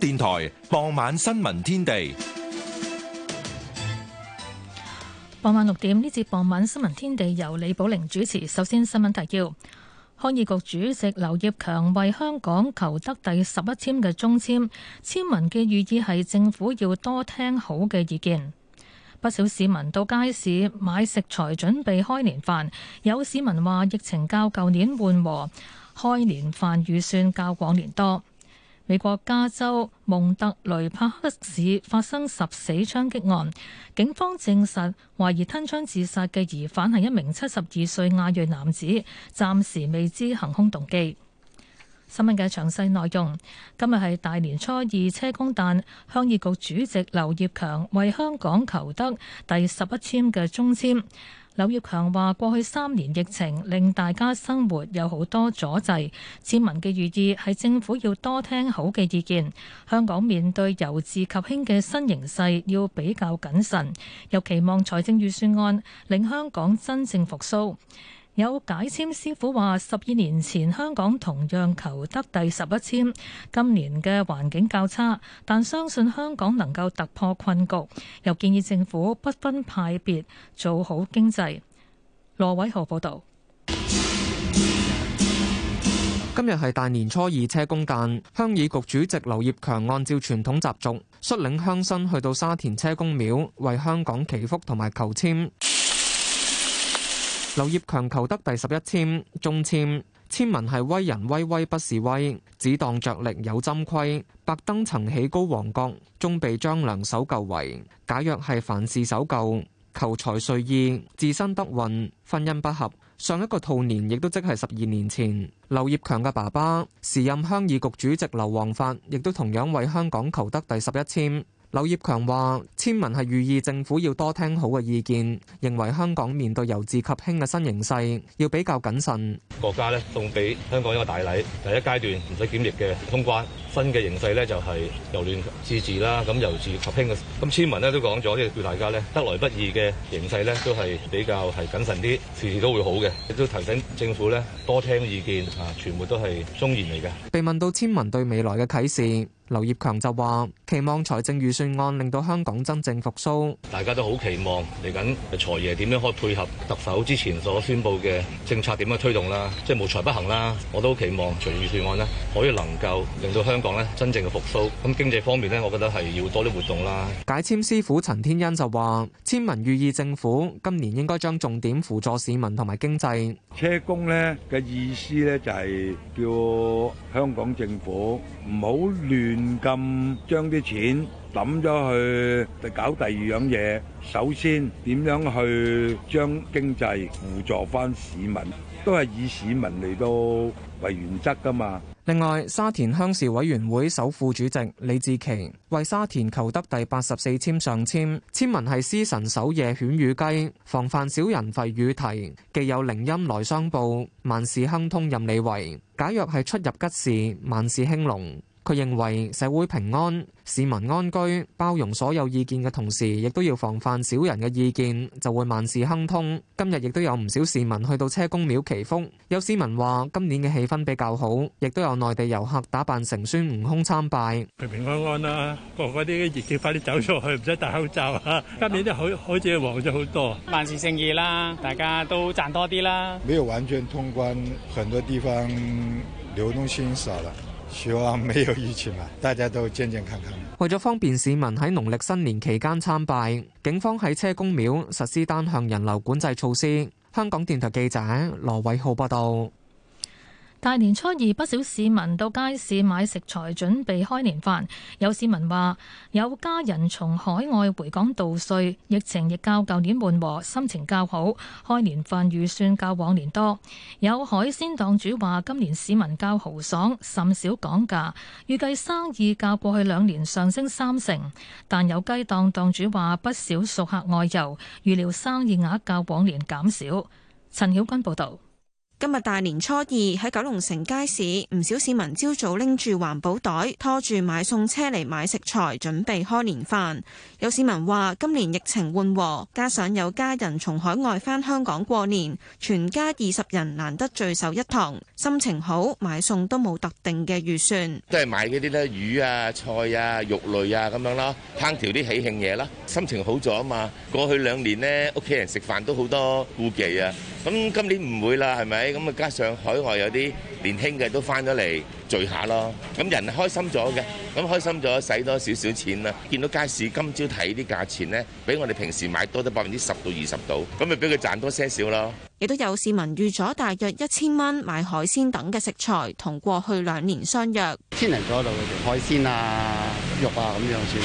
電台傍晚新聞天地，傍晚六點呢節傍晚新聞天地由李寶玲主持。首先新聞提要，鄉議局主席劉業強為香港求得第十一簽嘅中簽，簽文嘅寓意係政府要多聽好嘅意見。不少市民到街市買食材準備開年飯，有市民話疫情較舊年緩和，開年飯預算較往年多。美國加州蒙特雷帕克市發生十死槍擊案，警方證實懷疑吞槍自殺嘅疑犯係一名七十二歲亞裔男子，暫時未知行凶動機。新聞嘅詳細內容，今日係大年初二車彈，車公誕，鄉議局主席劉業強為香港求得第十一簽嘅中簽。柳葉強話：過去三年疫情令大家生活有好多阻滯，市民嘅寓意係政府要多聽好嘅意見。香港面對由治及興嘅新形勢，要比較謹慎，又期望財政預算案令香港真正復蘇。有解簽師傅話：十二年前香港同樣求得第十一簽，今年嘅環境較差，但相信香港能夠突破困局。又建議政府不分派別做好經濟。羅偉豪報導。今日係大年初二，車公誕，鄉議局主席劉業強按照傳統習俗，率領鄉紳去到沙田車公廟為香港祈福同埋求簽。劉業強求得第十一籤，中籤籤文係威人威威不是威，只當着力有針規，白登曾起高皇國，終被張良守舊圍。假若係凡事守舊，求財睡意，自身得運，婚姻不合。上一個兔年亦都即係十二年前，劉業強嘅爸爸，時任鄉議局主席劉皇發，亦都同樣為香港求得第十一籤。劉業強話：籤文係寓意政府要多聽好嘅意見，認為香港面對由治及興嘅新形勢，要比較謹慎。國家呢送俾香港一個大禮，第一階段唔使檢疫嘅通關，新嘅形勢呢就係由亂至治啦，咁由治及興嘅，咁籤文呢都講咗，即係叫大家呢得來不易嘅形勢呢都係比較係謹慎啲，時時都會好嘅，亦都提醒政府呢多聽意見，啊，全部都係忠言嚟嘅。被問到籤文對未來嘅啟示。劉業強就話：期望財政預算案令到香港真正復蘇。大家都好期望嚟緊財爺點樣可以配合特首之前所宣布嘅政策點樣推動啦，即係無財不行啦。我都好期望財政預算案呢，可以能夠令到香港呢真正嘅復蘇。咁經濟方面呢，我覺得係要多啲活動啦。解簽師傅陳天恩就話：簽文寓意政府今年應該將重點輔助市民同埋經濟。車工呢嘅意思呢，就係叫香港政府唔好亂。唔咁將啲錢揼咗去搞第二樣嘢。首先點樣去將經濟輔助翻市民，都係以市民嚟到為原則㗎嘛。另外，沙田鄉事委員會首副主席李志奇為沙田求得第八十四簽上籤，簽文係：司神守夜犬與雞，防範小人吠與啼，既有靈音來相報，萬事亨通任你為。假若係出入吉事，萬事興隆。佢認為社會平安、市民安居、包容所有意見嘅同時，亦都要防範小人嘅意見就會萬事亨通。今日亦都有唔少市民去到車公廟祈福。有市民話：今年嘅氣氛比較好，亦都有內地遊客打扮成孫悟空參拜。平平安安啦，啊，個個啲熱氣快啲走出去，唔使戴口罩啊！今年都好好似旺咗好多。萬事勝意啦，大家都賺多啲啦。沒有完全通關，很多地方流動性少了。希望沒有疫情啊，大家都健健康康。為咗方便市民喺農曆新年期間參拜，警方喺車公廟實施單向人流管制措施。香港電台記者羅偉浩報道。大年初二，不少市民到街市買食材準備開年飯，有市民話，有家人從海外回港渡歲，疫情亦較舊年緩和，心情較好，開年飯預算較往年多。有海鮮檔主話今年市民較豪爽，甚少講價，預計生意較過去兩年上升三成。但有雞檔檔主話不少熟客外遊，預料生意額較往年減少。陳曉君報道。今日大年初二喺九龍城街市，唔少市民朝早拎住環保袋，拖住買送車嚟買食材，準備開年飯。有市民話：今年疫情緩和，加上有家人從海外返香港過年，全家二十人難得聚首一堂，心情好，買送都冇特定嘅預算。都係買嗰啲咧，魚啊、菜啊、肉類啊咁樣啦，烹調啲喜慶嘢啦。心情好咗啊嘛，過去兩年咧，屋企人食飯都好多顧忌啊，咁今年唔會啦，係咪？咁啊，加上海外有啲年輕嘅都翻咗嚟聚下咯，咁人開心咗嘅，咁開心咗使多少少錢啦。見到街市今朝睇啲價錢咧，比我哋平時買多咗百分之十到二十度，咁咪俾佢賺多些少咯。亦都有市民預咗大約一千蚊買海鮮等嘅食材，同過去兩年相若。千零左右嘅海鮮啊、肉啊咁樣算，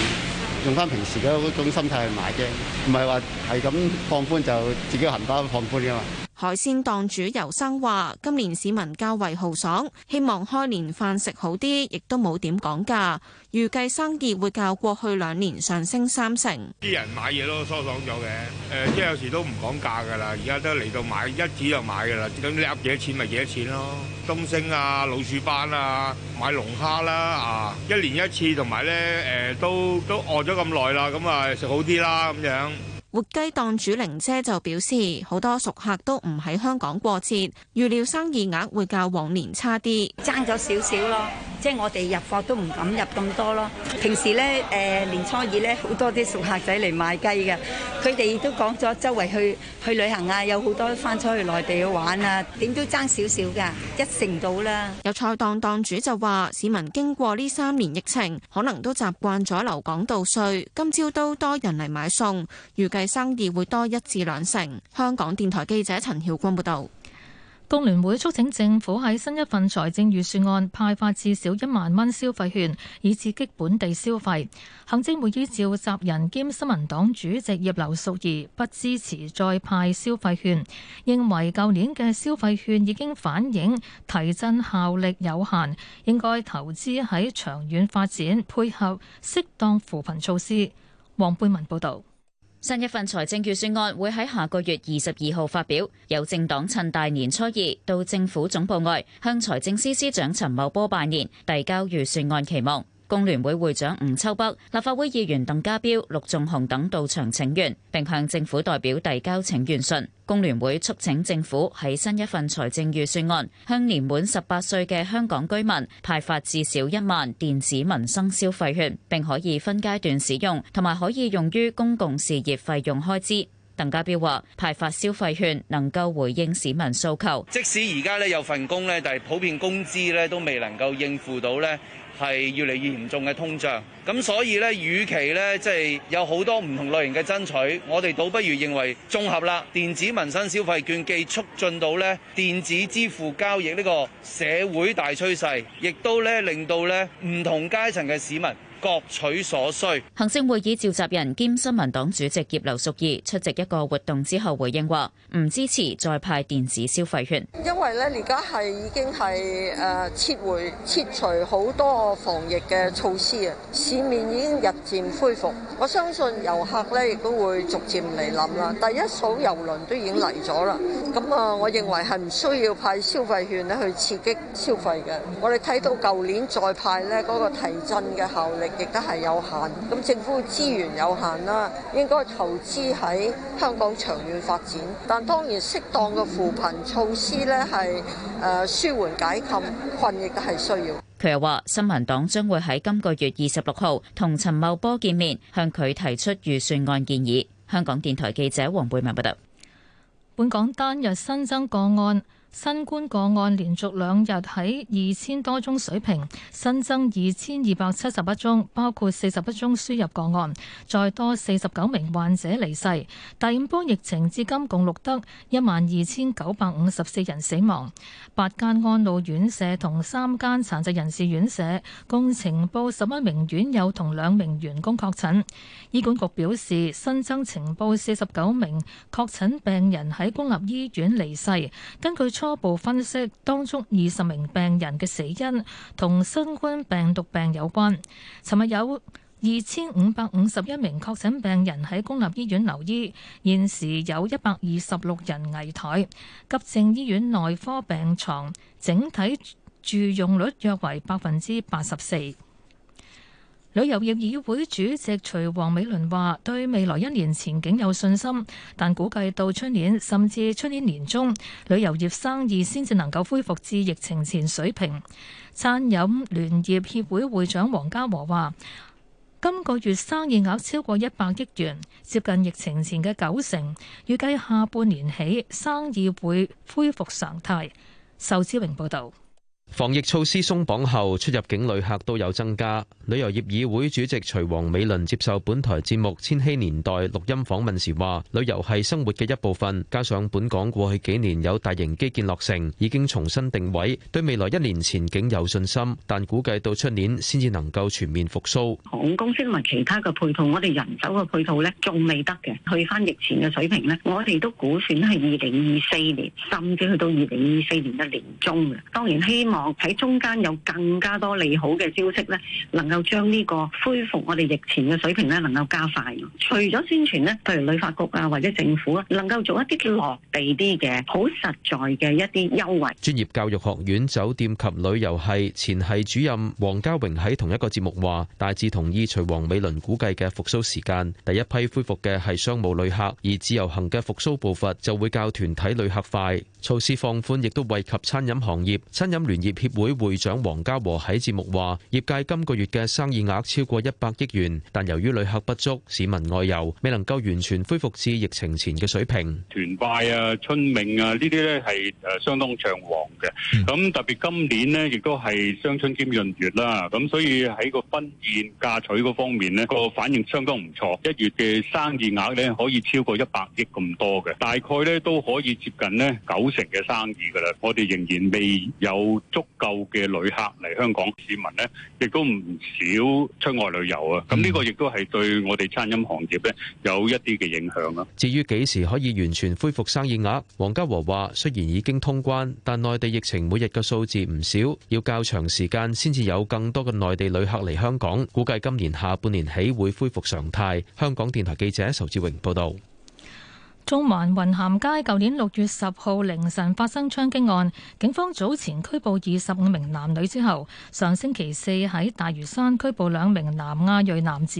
用翻平時嘅嗰種心態去買嘅，唔係話係咁放寬就自己行返放寬噶嘛。海鮮檔主尤生話，今年市民較為豪爽，希望開年飯食好啲，亦都冇點講價，預計生意會較過去兩年上升三成。啲人買嘢都疏爽咗嘅，誒、呃，即係有時都唔講價噶啦，而家都嚟到買一指就買噶啦，咁你入幾多錢咪幾多錢咯。東星啊，老鼠斑啊，買龍蝦啦啊，一年一次，同埋咧，誒、呃，都都餓咗咁耐啦，咁啊食好啲啦咁樣。活雞檔主玲姐就表示，好多熟客都唔喺香港過節，預料生意額會較往年差啲，爭咗少少囉。即係我哋入貨都唔敢入咁多咯。平時咧，誒年初二咧，好多啲熟客仔嚟買雞㗎，佢哋都講咗，周圍去去旅行啊，有好多返出去內地去玩啊，點都爭少少㗎，一成到啦。有菜檔檔主就話：市民經過呢三年疫情，可能都習慣咗留港度歲，今朝都多人嚟買餸，預計生意會多一至兩成。香港電台記者陳曉君報道。工聯會促請政府喺新一份財政預算案派發至少一萬蚊消費券，以刺激本地消費。行政會議召集人兼新民黨主席葉劉淑儀不支持再派消費券，認為舊年嘅消費券已經反映提振效力有限，應該投資喺長遠發展，配合適當扶貧措施。黃貝文報導。新一份財政預算案會喺下個月二十二號發表，有政黨趁大年初二到政府總部外向財政司司長陳茂波拜年，遞交預算案期望。工聯會會長吳秋北、立法會議員鄧家彪、陸頌雄等到場請願，並向政府代表遞交請願信。工聯會促請政府喺新一份財政預算案，向年滿十八歲嘅香港居民派發至少一萬電子民生消費券，並可以分階段使用，同埋可以用於公共事業費用開支。鄧家彪話：派發消費券能夠回應市民訴求，即使而家咧有份工咧，但係普遍工資咧都未能夠應付到咧。係越嚟越嚴重嘅通脹，噉所以呢，與其呢，即係有好多唔同類型嘅爭取，我哋倒不如認為綜合啦。電子民生消費券既促進到呢電子支付交易呢個社會大趨勢，亦都呢令到呢唔同階層嘅市民。各取所需。行政會議召集人兼新民黨主席葉劉淑儀出席一個活動之後回應話：唔支持再派電子消費券，因為咧而家係已經係誒撤回撤除好多防疫嘅措施啊，市面已經日漸恢復，我相信遊客咧亦都會逐漸嚟諗啦。第一艘郵輪都已經嚟咗啦。咁啊，我認為係唔需要派消費券咧去刺激消費嘅。我哋睇到舊年再派咧嗰個提振嘅效力亦都係有限。咁政府資源有限啦，應該投資喺香港長遠發展。但當然適當嘅扶貧措施咧，係誒舒緩解禁困亦都係需要。佢又話，新聞黨將會喺今個月二十六號同陳茂波見面，向佢提出預算案建議。香港電台記者黃貝文報道。本港單日新增個案。新冠個案連續兩日喺二千多宗水平，新增二千二百七十一宗，包括四十一宗輸入個案，再多四十九名患者離世。第五波疫情至今共錄得一萬二千九百五十四人死亡。八間安老院舍同三間殘疾人士院舍共呈報十一名院友同兩名員工確診。醫管局表示，新增呈報四十九名確診病人喺公立醫院離世。根據初步分析，當中二十名病人嘅死因同新冠病毒病有關。尋日有二千五百五十一名確診病人喺公立醫院留醫，現時有一百二十六人危殆。急症醫院內科病床整體住用率約為百分之八十四。旅遊業議會主席徐王美倫話：對未來一年前景有信心，但估計到出年甚至出年年中，旅遊業生意先至能夠恢復至疫情前水平。餐飲聯業協會會長黃家和話：今個月生意額超過一百億元，接近疫情前嘅九成，預計下半年起生意會恢復常態。仇志榮報道。防疫措施鬆綁後，出入境旅客都有增加。旅遊業議會主席徐王美倫接受本台節目《千禧年代》錄音訪問時話：旅遊係生活嘅一部分，加上本港過去幾年有大型基建落成，已經重新定位，對未來一年前景有信心。但估計到出年先至能夠全面復甦。航空公司同埋其他嘅配套，我哋人手嘅配套咧，仲未得嘅，去翻疫前嘅水平咧。我哋都估算係二零二四年，甚至去到二零二四年嘅年中。當然希望，喺中間有更加多利好嘅消息呢，能夠將呢個恢復我哋疫情嘅水平呢，能夠加快。除咗宣傳，呢譬如旅發局啊或者政府啊能夠做一啲落地啲嘅、好實在嘅一啲優惠。專業教育學院酒店及旅遊系，前系主任黃家榮喺同一個節目話，大致同意隨黃美倫估計嘅復甦時間，第一批恢復嘅係商務旅客，而自由行嘅復甦步伐，就會較團體旅客快。措施放寬亦都惠及餐飲行業，餐飲聯業協會會長黃家和喺節目話：業界今個月嘅生意額超過一百億元，但由於旅客不足、市民外遊，未能夠完全恢復至疫情前嘅水平。團拜啊、春茗啊呢啲咧係誒相當暢旺嘅，咁特別今年咧亦都係雙春兼閏月啦，咁所以喺個婚宴、嫁娶嗰方面咧個反應相當唔錯。一月嘅生意額咧可以超過一百億咁多嘅，大概咧都可以接近咧九成嘅生意噶啦。我哋仍然未有足夠嘅旅客嚟香港，市民呢亦都唔少出外旅遊啊。咁呢個亦都係對我哋餐飲行業呢有一啲嘅影響啊。至於幾時可以完全恢復生意額，黃家和話：雖然已經通關，但內地疫情每日嘅數字唔少，要較長時間先至有更多嘅內地旅客嚟香港。估計今年下半年起會恢復常態。香港電台記者仇志榮報道。中環雲咸街舊年六月十號凌晨發生槍擊案，警方早前拘捕二十五名男女之後，上星期四喺大嶼山拘捕兩名南亞裔男子，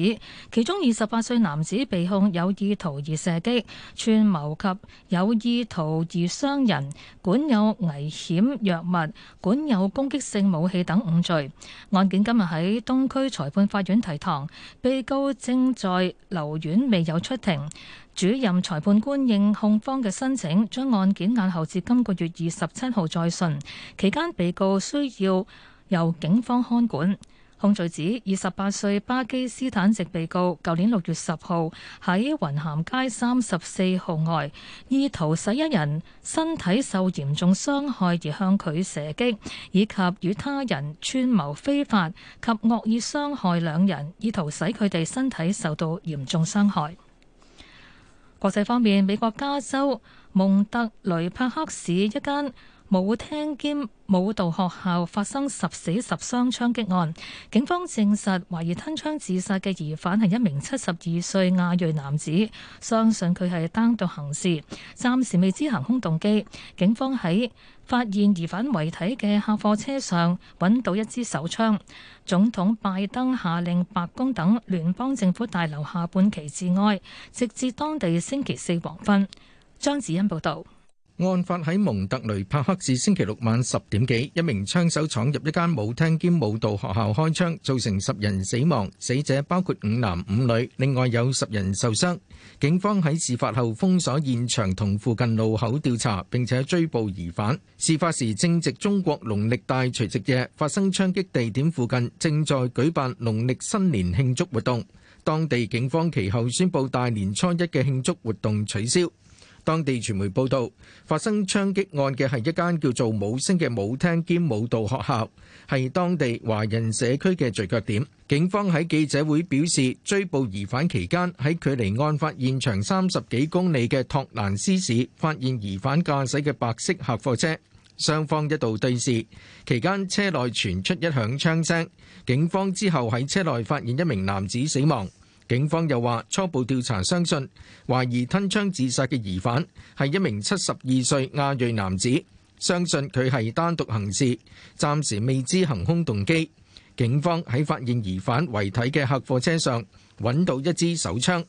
其中二十八歲男子被控有意圖而射擊、串謀及有意圖而傷人、管有危險藥物、管有攻擊性武器等五罪。案件今日喺東區裁判法院提堂，被告正在留院，未有出庭。主任裁判官應控方嘅申請，將案件押後至今個月二十七號再訊。期間，被告需要由警方看管。控罪指二十八歲巴基斯坦籍被告，舊年六月十號喺雲咸街三十四號外，意圖使一人身體受嚴重傷害而向佢射擊，以及與他人串謀非法及惡意傷害兩人，意圖使佢哋身體受到嚴重傷害。國際方面，美國加州蒙特雷帕克市一間舞廳兼舞蹈學校發生十死十傷槍擊案，警方證實懷疑吞槍自殺嘅疑犯係一名七十二歲亞裔男子，相信佢係單獨行事，暫時未知行兇動機。警方喺發現疑犯遺體嘅客貨車上揾到一支手槍。總統拜登下令白宮等聯邦政府大樓下半旗致哀，直至當地星期四黃昏。張子欣報導。案發喺蒙特雷帕克市星期六晚十點幾，一名槍手闖入一間舞廳兼舞蹈學校開槍，造成十人死亡，死者包括五男五女，另外有十人受傷。警方喺事發後，封鎖現場同附近路口調查，並且追捕疑犯。事發時，正值中國農曆大除夕夜，發生槍擊地點附近正在舉辦農曆新年慶祝活動。當地警方其後宣布大年初一嘅慶祝活動取消。當地傳媒報道，發生槍擊案嘅係一間叫做舞星嘅舞廳兼舞蹈學校，係當地華人社區嘅聚腳點。警方喺記者會表示，追捕疑犯期間喺距離案發現場三十幾公里嘅托蘭斯市發現疑犯駕駛嘅白色客貨車，雙方一度對峙，期間車內傳出一響槍聲。警方之後喺車內發現一名男子死亡。警方又話，初步調查相信懷疑吞槍自殺嘅疑犯係一名七十二歲亞裔男子，相信佢係單獨行事，暫時未知行兇動機。警方喺發現疑犯遺體嘅客貨車上揾到一支手槍。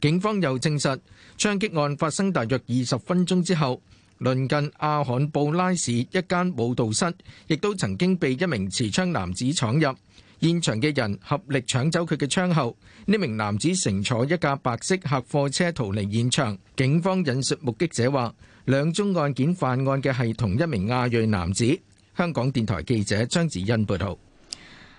警方又證實，槍擊案發生大約二十分鐘之後，鄰近阿罕布拉市一間舞蹈室亦都曾經被一名持槍男子闖入。現場嘅人合力搶走佢嘅槍後，呢名男子乘坐一架白色客貨車逃離現場。警方引述目擊者話，兩宗案件犯案嘅係同一名亞裔男子。香港電台記者張子欣報道。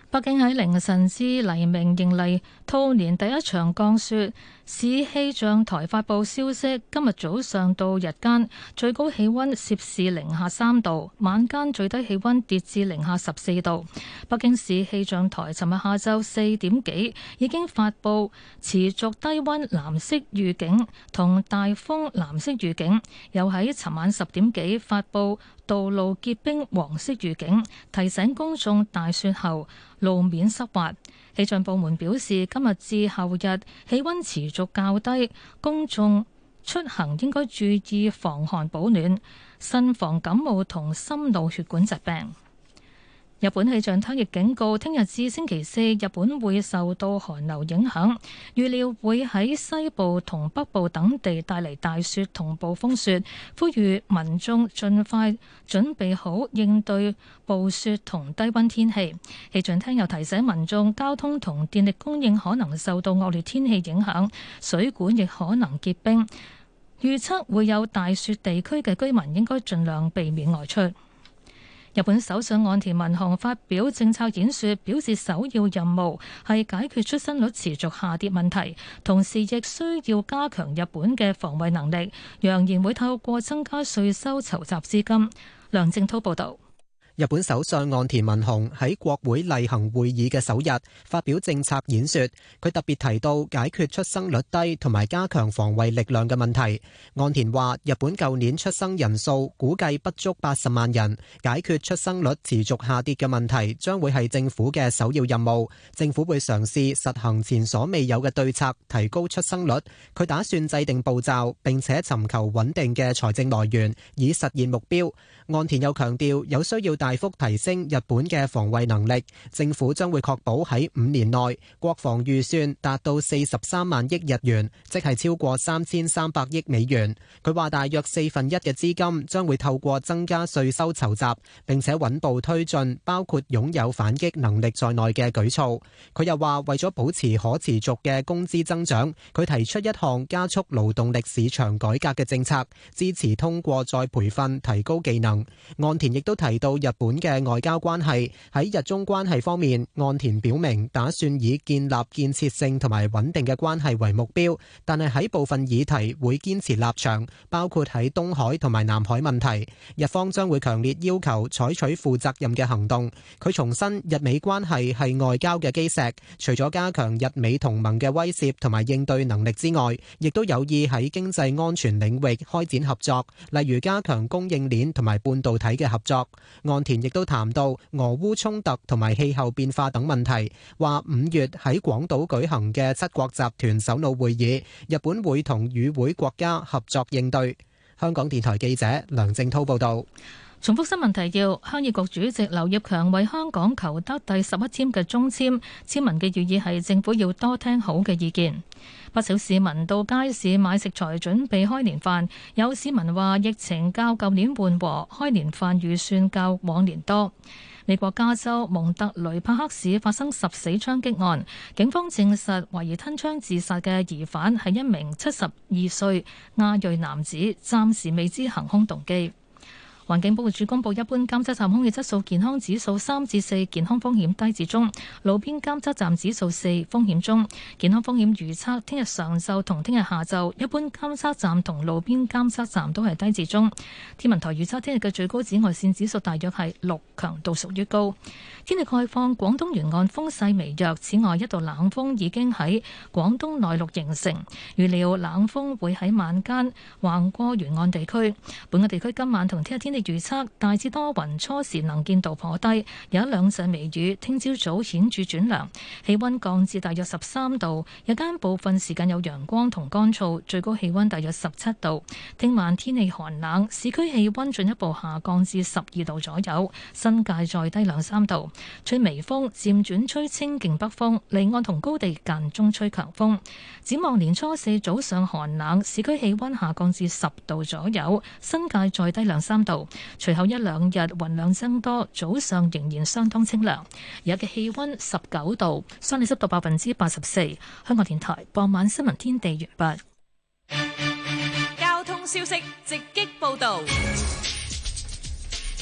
北京喺凌晨至黎明迎嚟兔年第一場降雪。市氣象台發布消息，今日早上到日間最高氣溫攝氏零下三度，晚間最低氣溫跌至零下十四度。北京市氣象台尋日下晝四點幾已經發布持續低溫藍色預警同大風藍色預警，又喺尋晚十點幾發布道路結冰黃色預警，提醒公眾大雪後路面濕滑。氣象部門表示，今日至後日氣溫持續較低，公眾出行應該注意防寒保暖，慎防感冒同心腦血管疾病。日本氣象廳亦警告，聽日至星期四，日本會受到寒流影響，預料會喺西部同北部等地帶嚟大雪同暴風雪，呼籲民眾盡快準備好應對暴雪同低溫天氣。氣象廳又提醒民眾，交通同電力供應可能受到惡劣天氣影響，水管亦可能結冰。預測會有大雪地區嘅居民應該盡量避免外出。.日本首相岸田文雄發表政策演說，表示首要任務係解決出生率持續下跌問題，同時亦需要加強日本嘅防衛能力，揚言會透過增加稅收籌集資金。梁正濤報道。日本首相岸田文雄喺國會例行會議嘅首日發表政策演說，佢特別提到解決出生率低同埋加強防衛力量嘅問題。岸田話：日本舊年出生人數估計不足八十萬人，解決出生率持續下跌嘅問題將會係政府嘅首要任務。政府會嘗試實行前所未有嘅對策，提高出生率。佢打算制定步驟，並且尋求穩定嘅財政來源，以實現目標。岸田又強調有需要。大幅提升日本嘅防衛能力，政府將會確保喺五年內國防預算達到四十三萬億日元，即係超過三千三百億美元。佢話大約四分一嘅資金將會透過增加稅收籌集，並且穩步推進包括擁有反擊能力在內嘅舉措。佢又話為咗保持可持續嘅工資增長，佢提出一項加速勞動力市場改革嘅政策，支持通過再培訓提高技能。岸田亦都提到日日本嘅外交關係，喺日中關係方面，岸田表明打算以建立建設性同埋穩定嘅關係為目標，但係喺部分議題會堅持立場，包括喺東海同埋南海問題。日方將會強烈要求採取負責任嘅行動。佢重申日美關係係外交嘅基石，除咗加強日美同盟嘅威懾同埋應對能力之外，亦都有意喺經濟安全領域開展合作，例如加強供應鏈同埋半導體嘅合作。岸田亦都談到俄烏衝突同埋氣候變化等問題，話五月喺廣島舉行嘅七國集團首腦會議，日本會同與會國家合作應對。香港電台記者梁正濤報道。重複新聞提要，鄉議局主席劉業強為香港求得第十一簽嘅中簽，簽文嘅寓意係政府要多聽好嘅意見。不少市民到街市買食材，準備開年飯。有市民話：疫情較舊年緩和，開年飯預算較往年多。美國加州蒙特雷帕克市發生十死槍擊案，警方證實懷疑吞槍自殺嘅疑犯係一名七十二歲亞裔男子，暫時未知行兇動機。環境保護署公布一般監測站空氣質素健康指數三至四，健康風險低至中；路邊監測站指數四，風險中，健康風險預測聽日上晝同聽日下晝一般監測站同路邊監測站都係低至中。天文台預測聽日嘅最高紫外線指數大約係六，強度屬於高。天氣概況：廣東沿岸風勢微弱，此外一道冷風已經喺廣東內陸形成，預料冷風會喺晚間橫過沿岸地區。本港地區今晚同聽日天、天。預測大致多雲，初時能見度頗低，有一兩陣微雨。聽朝早顯著轉涼，氣溫降至大約十三度，日間部分時間有陽光同乾燥，最高氣溫大約十七度。聽晚天氣寒冷，市區氣溫進一步下降至十二度左右，新界再低兩三度。吹微風，漸轉吹清勁北風，離岸同高地間中吹強風。展望年初四早上寒冷，市區氣溫下降至十度左右，新界再低兩三度。隨後一兩日雲量增多，早上仍然相當清涼。而家嘅氣溫十九度，相對濕度百分之八十四。香港電台傍晚新聞天地完畢。交通消息直擊報導。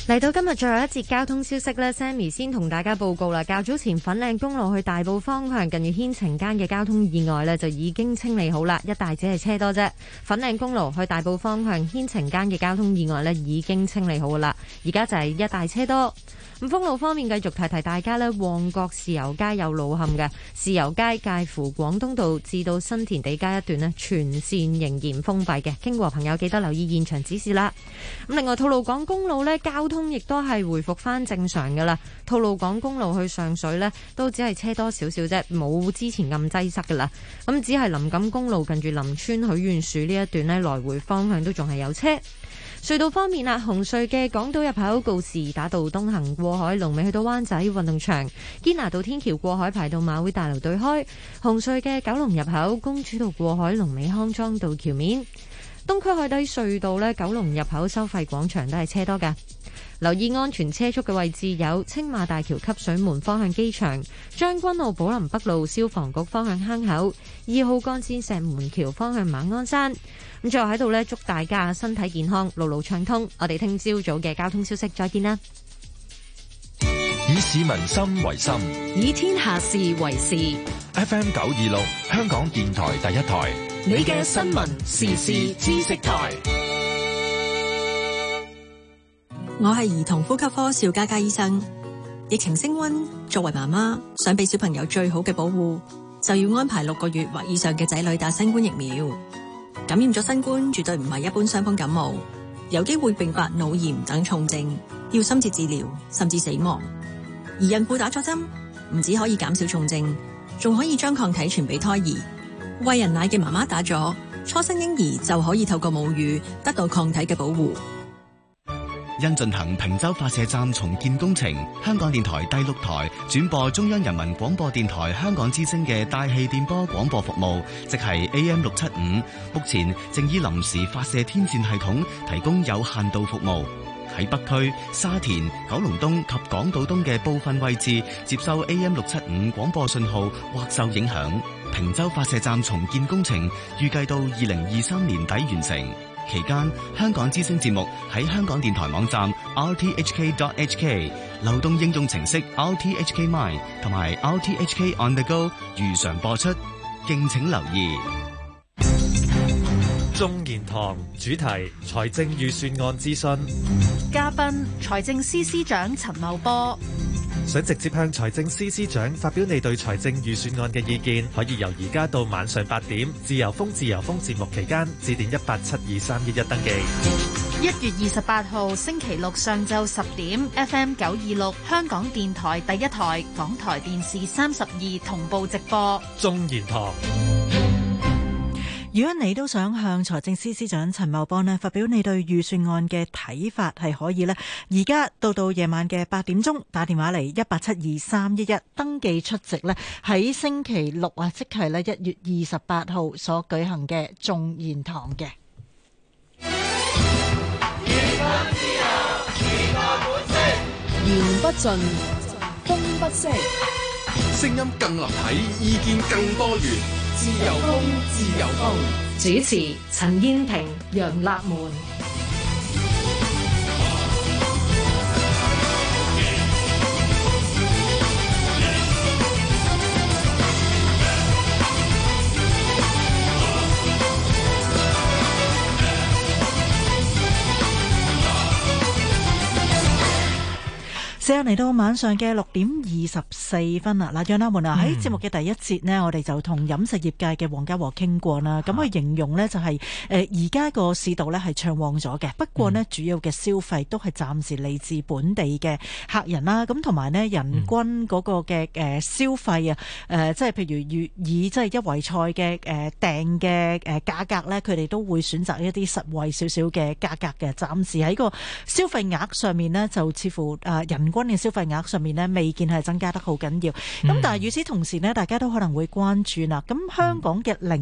嚟到今日最後一節交通消息呢 Sammy 先同大家報告啦。較早前粉嶺公路去大埔方向近住牽晴間嘅交通意外呢就已經清理好啦，一帶只係車多啫。粉嶺公路去大埔方向牽晴間嘅交通意外呢已經清理好噶啦，而家就係一帶車多。五豐路方面，繼續提提大家呢，旺角豉油街有路陷嘅，豉油街介乎廣東道至到新填地街一段呢，全線仍然封閉嘅。經過朋友記得留意現場指示啦。咁另外，吐露港公路呢交通亦都係回復翻正常噶啦。吐露港公路去上水呢都只係車多少少啫，冇之前咁擠塞噶啦。咁只係林錦公路近住林村許願樹呢一段呢，來回方向都仲係有車。隧道方面啊，紅隧嘅港島入口告士打道東行過海，龍尾去到灣仔運動場；堅拿道天橋過海，排到馬會大樓對開。紅隧嘅九龍入口公主道過海，龍尾康莊道橋面。東區海底隧道呢，九龍入口收費廣場都係車多噶。留意安全車速嘅位置有青馬大橋，汲水門方向，機場，將軍澳寶林北路消防局方向，坑口，二號幹線石門橋方向，馬鞍山。咁最後喺度呢，祝大家身體健康，路路暢通。我哋聽朝早嘅交通消息，再見啦！以市民心為心，以天下事為事。F M 九二六，香港電台第一台，你嘅新聞時事知識台。我係兒童呼吸科邵嘉嘉醫生。疫情升温，作為媽媽，想俾小朋友最好嘅保護，就要安排六個月或以上嘅仔女打新冠疫苗。感染咗新冠，絕對唔係一般傷風感冒，有機會併發腦炎等重症，要深切治療，甚至死亡。而孕婦打咗針，唔止可以減少重症，仲可以將抗體傳俾胎兒。喂人奶嘅媽媽打咗，初生嬰兒就可以透過母乳得到抗體嘅保護。因進行坪洲發射站重建工程，香港電台第六台轉播中央人民廣播電台香港之聲嘅大氣電波廣播服務，即係 AM 六七五，目前正以臨時發射天線系統提供有限度服務。喺北區、沙田、九龍東及港島東嘅部分位置接收 AM 六七五廣播信號或受影響。坪洲發射站重建工程預計到二零二三年底完成。期間，香港之聲節目喺香港電台網站 rthk.hk、流動應用程式 rthk mine 同埋 rthk on the go 如常播出，敬請留意。中言堂主題：財政預算案諮詢。嘉賓：財政司司長陳茂波。想直接向財政司司長發表你對財政預算案嘅意見，可以由而家到晚上八點自由風自由風節目期間致電一八七二三一一登記。一月二十八號星期六上晝十點，FM 九二六香港電台第一台，港台電視三十二同步直播。眾言堂。如果你都想向財政司司長陳茂波咧發表你對預算案嘅睇法，係可以呢，而家到到夜晚嘅八點鐘打電話嚟一八七二三一一登記出席咧，喺星期六啊，即係咧一月二十八號所舉行嘅眾言堂嘅。言不盡，風不息，聲音更立體，意見更多元。自由風，自由風。主持陳嫣平：陳燕萍、楊立門。嚟到晚上嘅六點二十四分啦，嗱，養眼門啊，喺節目嘅第一節咧、嗯，我哋就同飲食業界嘅黃家和傾過啦。咁、啊、佢形容咧就係誒而家個市道咧係暢旺咗嘅，不過咧、嗯、主要嘅消費都係暫時嚟自本地嘅客人啦。咁同埋咧，人均嗰個嘅誒消費啊，誒、嗯呃、即係譬如粵以即係一圍菜嘅誒、呃、訂嘅誒價格咧，佢哋都會選擇一啲實惠少少嘅價格嘅。暫時喺個消費額上面咧，就似乎誒、呃、人均。今年消費額上面咧，未見係增加得好緊要。咁但係與此同時咧，大家都可能會關注啦。咁香港嘅零